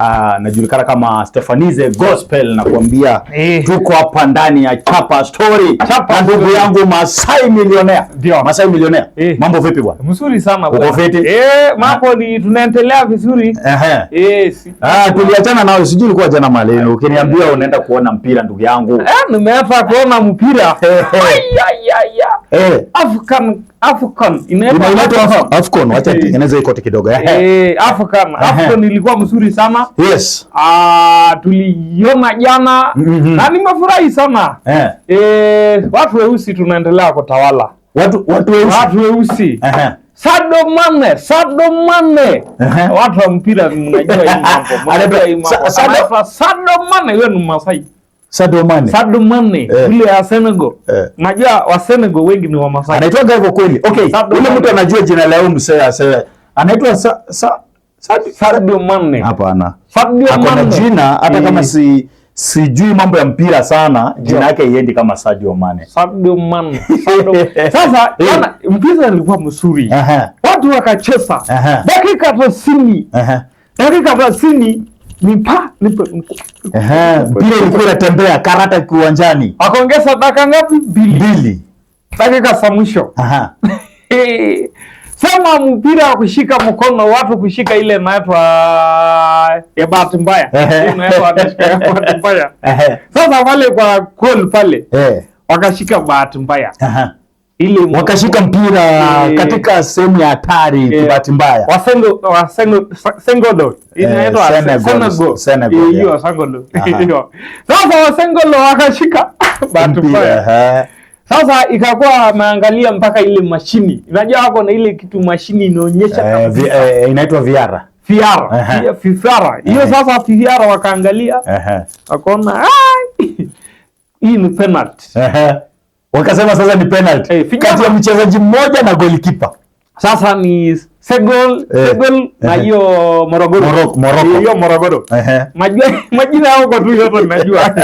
Ah, anajulikana Uh, kama Stefanize Gospel na eh, tuko hapa ndani ya Chapa Story Chapa na ndugu yangu Masai Millionaire. Ndio, Masai Millionaire. Eh, mambo vipi bwana? Mzuri sana bwana. Uko fiti? Eh, mambo ni tunaendelea vizuri. Ehe. Eh, Yes. Ah, tuliachana nao sijui ulikuwa jana maleno. Ukiniambia unaenda kuona mpira ndugu yangu. Eh, nimeapa kuona mpira eh, Afcon Afcon imeletwa Afcon, acha eh. tengeneza ikote kidogo eh, eh Afcon Afcon ilikuwa mzuri sana yes, ah, tuliona jana mhm. na nimefurahi sana eh. eh, watu weusi tunaendelea kutawala watu watu weusi watu weusi eh Sadio Mane, Sadio Mane. Watu wa mpira mnajua hii mambo. Sadio Mane wewe ni Masai. Sadio Mane. Sadio Mane eh, yule ya Senegal. Eh. Najua wa Senegal wengi ni wa Masai. Anaitwa hivyo kweli. Okay. Yule mtu anajua jina la huyu msee asema. Anaitwa sa, sa, Sadio, Sadio Mane. Hapana. Sadio Mane. Hakuna jina hata kama mm. si sijui mambo ya mpira sana, jina yake iendi kama Sadio Mane. Sadio Mane. Sasa bwana, eh. mpira ulikuwa mzuri. Watu wakacheza. Dakika 90. Dakika 90 bila ilikuwa inatembea karata kiwanjani, akaongeza dakika ngapi? Mbili, dakika za mwisho sema mpira wa kushika mkono, watu kushika ile inaitwa ya bahati mbaya, bahati mbaya. Sasa wale kwa goal pale wakashika bahati mbaya ile wakashika mpira ee, katika sehemu ya hatari ee, eh. kibahati mbaya Sengo Sengo sasa wa wakashika bahati mbaya sasa ikakuwa maangalia mpaka ile mashini unajua wako na ile kitu mashini inaonyesha eh, eh inaitwa viara viara viara hiyo sasa viara wakaangalia wakaona hii ni penalty wakasema sasa ni penalty hey, kati ya mchezaji mmoja na goalkeeper. Sasa ni Segol eh, Segol na eh. hiyo Morogoro Moroko Moroko eh, hiyo Morogoro eh, majina yao kwa tu hapo ninajua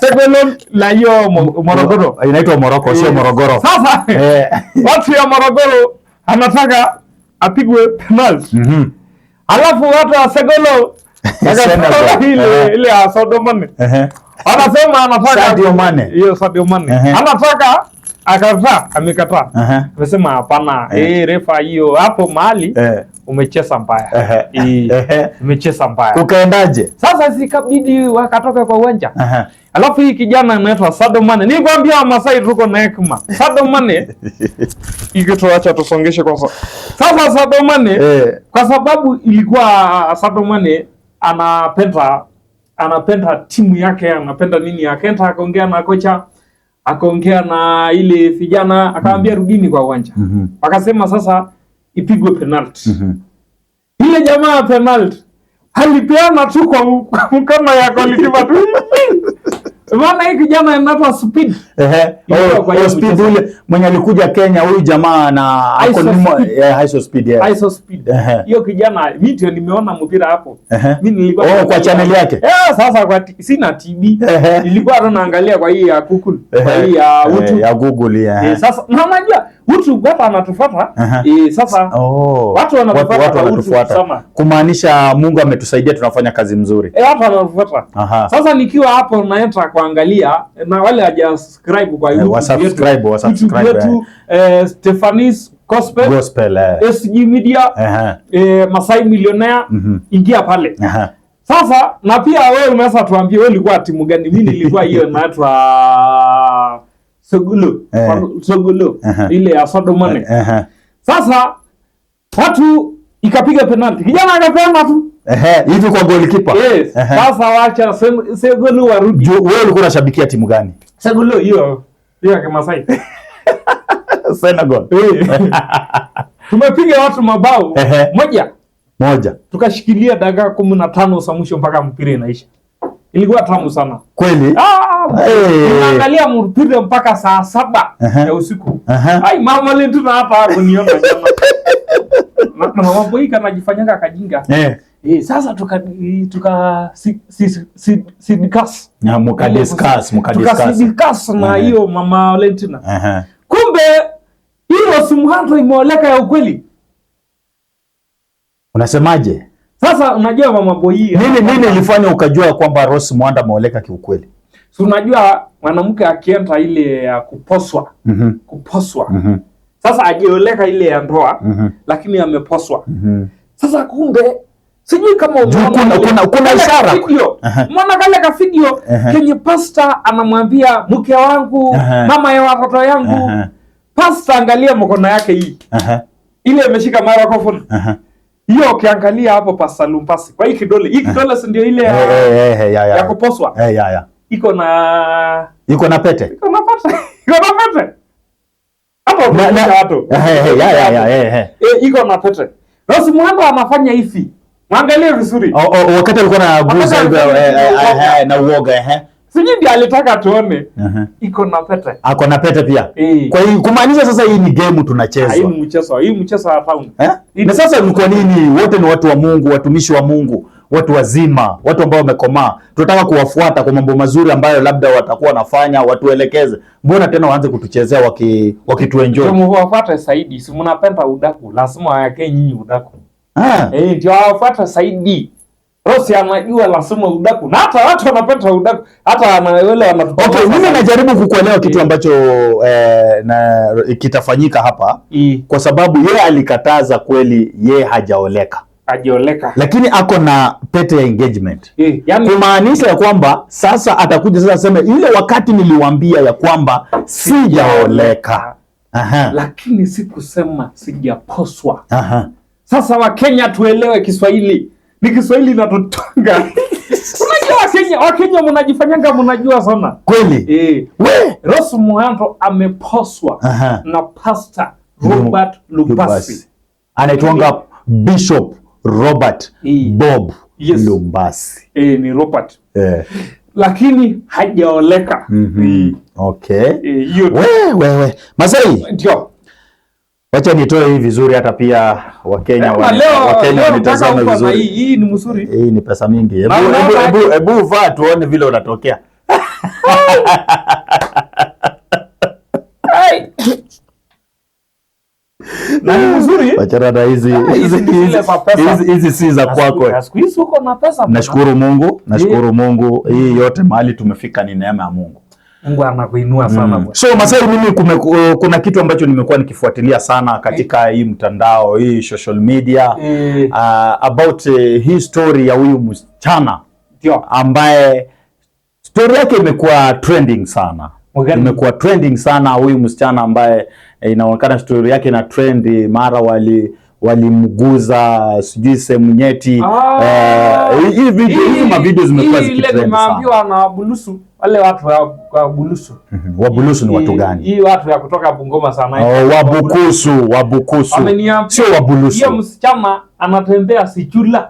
Segol na hiyo Morogoro inaitwa Morogoro, sio eh, Morogoro. Sasa eh, watu ya Morogoro anataka apigwe penalty mhm mm alafu watu wa Segol Segolo ile ile ya Sodomane eh Anasema anataka Sadio Mane. Hiyo Sadio Mane. Anataka akavaa amekataa. Amesema hapana, eh refa hiyo hapo mahali umecheza mbaya. Eh. Umecheza mbaya. Ukaendaje? Sasa sikabidi wakatoka kwa uwanja. Alafu hii kijana anaitwa Sadio Mane. Nikwambia Masai tuko na hekima. Sadio Mane tuacha tusongeshe kwa sasa. Sadio Mane eh. kwa sababu ilikuwa Sadio Mane anapenda anapenda timu yake, anapenda nini. Akaenda akaongea na kocha, akaongea na ile vijana, akaambia mm-hmm. rudini kwa uwanja. mm -hmm. Akasema sasa ipigwe penalti. mm -hmm. Ile jamaa penalti alipeana tu kwa mkama ya golikipa tu Unaona hii kijana anaitwa Speed. Ehe. Oh, oh Speed yule mwenye alikuja Kenya huyu jamaa na iso speed. Yeah, iso Speed. Yeah. Iso Speed. Ehe. Hiyo kijana mimi ndio nimeona mpira hapo. Ehe. Mimi nilikuwa Oh, kwa channel yake. Eh, sasa kwa sina TV. Ehe. Nilikuwa hata naangalia kwa hii ya Google, Ehe. kwa hii ya eh, YouTube. Ya Google ya. Ehe, sasa na unajua YouTube hapa anatufuata. Ehe. Eh, sasa oh, watu wanatufuata, watu wanatufuata. Kumaanisha Mungu ametusaidia tunafanya kazi mzuri. Eh, hapa anatufuata. Sasa nikiwa hapo naenda kuangalia eh, na wale haja subscribe kwa eh, YouTube yetu eh, eh Stephanies Gospel, Gospel eh, SG Media uh -huh. eh, Masai Millionaire mm -hmm. ingia pale uh -huh. Sasa na pia wewe unaweza tuambie wewe ulikuwa timu gani? Mimi nilikuwa hiyo inaitwa Sogulu eh. Sogulu uh -huh. ile ya Sodomane uh -huh. Sasa watu ikapiga penalti, kijana akapeana tu hivi kwa golikipa yes. Sasa wacha Segulu warudi. Wewe ulikuwa unashabikia timu gani? Segulu hiyo hiyo ya Masai Senegal. Tumepiga watu mabao moja moja, tukashikilia dakika 15 na za mwisho mpaka mpira inaisha. Ilikuwa tamu sana kweli. Ah, Tunaangalia mpira mpaka saa saba uh ya usiku uh Ai mama leo hapo niona jamaa na mama boy kama jifanyanga kajinga eh. E, sasa tuka eh, tuka si, si, si, si discuss na ah, muka discuss muka discuss na eh. hiyo mama Valentina. Kumbe hiyo simu hata imeoleka ya ukweli. Unasemaje? Sasa unajua mama boy hii. Nini nini ilifanya ukajua kwamba Rose Muhando ameoleka kiukweli? Si unajua mwanamke akienda ile ya kuposwa. Mm -hmm. Kuposwa. Mm -hmm. Sasa ajioleka ile ya ndoa mm -hmm. Lakini ameposwa. Mm -hmm. Sasa kumbe Sijui kama kuna, kuna, kuna ishara mwana kale ka video kenye pasta anamwambia mke wangu, Aha. mama ya watoto yangu Aha. Pasta angalia mkono yake hii ile imeshika microphone hiyo, ukiangalia hapo pasta Lumbasi kwa hii kidole hii kidole, si ndio ile ya, hey, eh, eh, hey, eh, hey, ya, ya, ya kuposwa hey, ya, ya. iko na iko na pete iko na pete iko na pete hapo na watu hey, ya, ya, ya, ya, ya. iko na pete Rosi Muhando anafanya hivi Mwangalie vizuri. Oh, oh, wakati alikuwa na bruise eh, eh, eh, na uoga eh. Sijui ndio alitaka tuone. Uh-huh. Iko na pete. Ako na pete pia. Kwa hiyo kumaanisha sasa hii ni game tunacheza. Hii mchezo, hii mchezo wa town eh? Na sasa ni kwa nini wote ni watu wa Mungu, watumishi wa Mungu, watu wazima, watu ambao wamekomaa. Tunataka kuwafuata kwa mambo mazuri ambayo labda watakuwa wanafanya, watuelekeze. Mbona tena waanze kutuchezea waki wakituenjoy? Tumwafuate zaidi, si mnapenda udaku, lazima wake nyinyi udaku. Ah. eh, ndio hawafuata saidi Rossi anajua lazima udaku na hata watu wanapata udaku hata anaelewa wanapata. Okay, mimi najaribu kukuelewa kitu eh. ambacho eh, na kitafanyika hapa I. kwa sababu yeye alikataza kweli, yeye hajaoleka hajaoleka, lakini ako na pete ya engagement yani, kumaanisha ya kwamba sasa atakuja sasa aseme ile wakati niliwaambia ya kwamba sijaoleka, lakini sikusema sijaposwa. Aha. Sasa Wakenya tuelewe Kiswahili, ni Kiswahili natutonga unajua Wakenya, Wakenya mnajifanyanga mnajua sana kweli eh. We Rose Muhando ameposwa Aha. na Pastor Robert Lubasi anaitwanga Bishop Robert e. Bob yes. Lumbasi e, eh, ni Robert eh. lakini hajaoleka mm -hmm. okay. e, wewe wewe Masai ndio Wacha nitoe hii vizuri hata pia Wakenya mtazame vizuri. Hii ni mzuri. Hii ni pesa mingi. Hebu hebu hebu vaa tuone vile unatokea. Na ni mzuri. Wachana ah, na hizi hizi si za kwako. Nashukuru Mungu, nashukuru eh. Mungu. Hii yote mahali tumefika ni neema ya Mungu. Mungu anakuinua sana mm. So Masai, mimi kume, kuna kitu ambacho nimekuwa nikifuatilia sana katika eh. hii mtandao hii social media mm. uh, about uh, hii story ya huyu msichana ambaye story yake imekuwa trending sana Imekuwa trending sana huyu msichana ambaye inaonekana story yake na trend mara wali walimguza sijui sehemu nyeti. Ah, eh, hizi mavideo zimekuwa zikitrend na Bulusu wale watu wa Bulusu. Wa Bulusu mhm. ni watu gani? Hii watu ya kutoka Bungoma sana. Oh, Wabukusu, Wabukusu. Sio Wabulusu. Hiyo msichana anatembea sichula.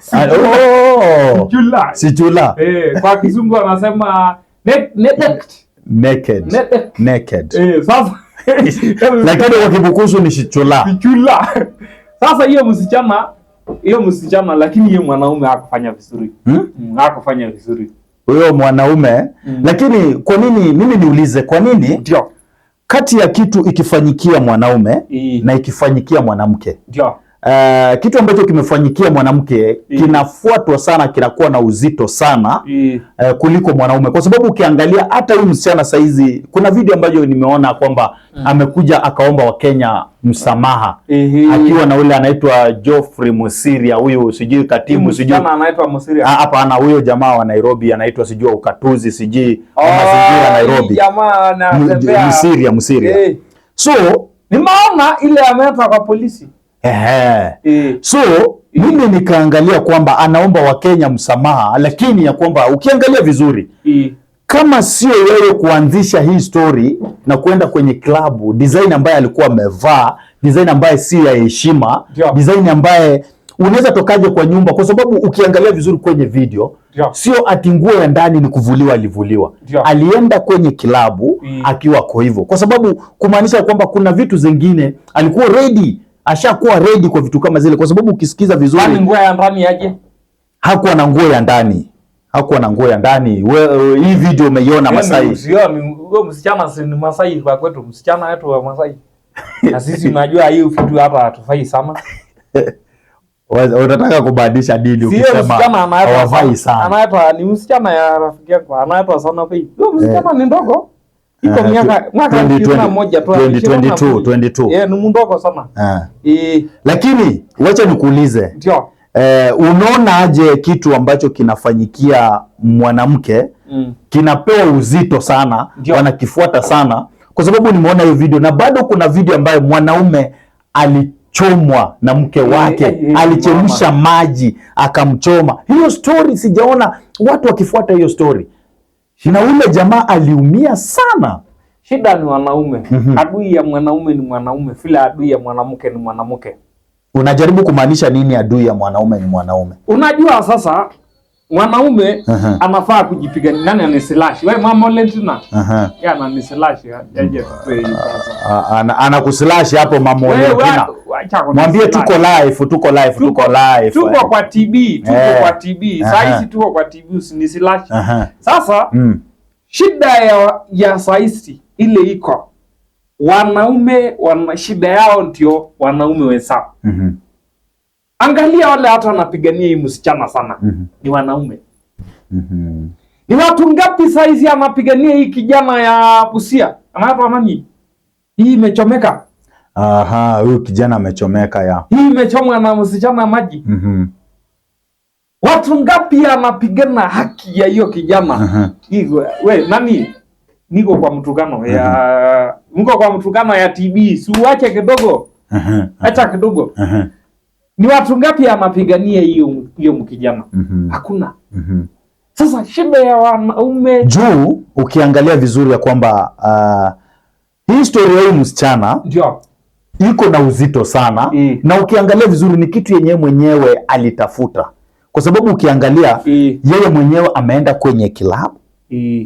sichula. Sichula. Eh, kwa kizungu anasema naked. Naked. Naked. Eh, sasa lakini kwa ni shichula. Shichula. Sasa hiyo msichana hiyo msichana lakini hiyo mwanaume hakufanya vizuri. Hmm? hmm? hakufanya vizuri. Huyo mwanaume hmm. Lakini kwa nini mimi niulize kwa nini? Ndio. Kati ya kitu ikifanyikia mwanaume na ikifanyikia mwanamke. Ndio. Uh, kitu ambacho kimefanyikia mwanamke mm. kinafuatwa sana, kinakuwa na uzito sana uh, kuliko mwanaume, kwa sababu ukiangalia hata huyu msichana saizi, kuna video ambayo nimeona kwamba mm. amekuja akaomba Wakenya msamaha mm-hmm. akiwa na ule anaitwa Geoffrey Musiria, huyu sijui katibu sijui anaitwa Musiria ah, hapana, huyo jamaa wa Nairobi anaitwa sijui ukatuzi sijui oh, mazingira Nairobi jamaa na Musiria Musiria, so nimeona ile ameweka kwa polisi Ehe. E. So mimi nikaangalia kwamba anaomba Wakenya msamaha, lakini ya kwamba ukiangalia vizuri e. kama sio wewe kuanzisha hii story na kuenda kwenye klabu, design ambaye alikuwa amevaa, design ambaye si ya heshima, design ambaye unaweza tokaje kwa nyumba, kwa sababu ukiangalia vizuri kwenye video Diop. Sio ati nguo ya ndani ni kuvuliwa, alivuliwa Diop. Alienda kwenye kilabu mm. akiwa kwa hivyo, kwa sababu kumaanisha kwamba kuna vitu zingine alikuwa ready ashakuwa ready kwa vitu kama zile, kwa sababu ukisikiza vizuri, kwani nguo ya ndani aje, hakuwa na nguo ya ndani, hakuwa na nguo ya ndani. Wewe uh, hii video umeiona Masai, wewe msichana, si ni Masai kwa kwetu, msichana wetu wa Masai na sisi unajua hii vitu hapa hatufai sana. Unataka kubadilisha dini ukisema hawavai sana. Anaitwa ni msichana ya rafiki yako, anaitwa sana pei. Wewe msichana eh. ni ndogo iko miaka mwaka 2022 eh, ni mdogo sana e. Lakini wacha nikuulize eh, unaona aje kitu ambacho kinafanyikia mwanamke mm. kinapewa uzito sana Dio. wanakifuata sana kwa sababu nimeona hiyo video na bado kuna video ambayo mwanaume alichomwa na mke eh, wake e, e, alichemsha maji akamchoma. Hiyo story sijaona watu wakifuata hiyo story na ule jamaa aliumia sana. Shida ni wanaume. Mhm. Adui ya mwanaume ni mwanaume, vile adui ya mwanamke ni mwanamke. Unajaribu kumaanisha nini? Adui ya mwanaume ni mwanaume? Unajua sasa mwanaume anafaa kujipiga. Nani aniselashi wewe mama Valentina? Yeye ananiselashi aje ah, ah, ah, ana anakuselashi hapo mama tena. Mwambie tuko live, tuko live, tuko live. Tuko kwa TB, tuko eh. kwa TB. Sasa hizi tuko kwa TB usiniselashi. Sasa mm. shida ya ya saisi ile iko wanaume wana shida yao, ndio wanaume wenzao. mm -hmm. Angalia wale hata wanapigania hii msichana sana mm -hmm. ni wanaume mm -hmm. ni watu ngapi saizi anapigania hii kijana ya Busia anaitwa nani? Hii imechomeka. Aha, huyu kijana amechomeka ya. Hii imechomwa na msichana maji. mm -hmm. Watu ngapi anapigana haki ya hiyo kijana? uh mhm. -huh. Wewe nani? Niko kwa mtukano ya uh mhm. -huh. niko kwa mtukano ya TB. uache kidogo. uh mhm. -huh. kidogo. Uh -huh ni watu ngapi amapigania hiyo hiyo mkijama? mm -hmm. Hakuna. mm -hmm. Sasa shida ya wanaume juu, ukiangalia vizuri ya kwamba uh, hii story ya huyu msichana ndio iko na uzito sana mm. na ukiangalia vizuri ni kitu yenyewe mwenyewe alitafuta, kwa sababu ukiangalia mm. yeye mwenyewe ameenda kwenye kilabu mm.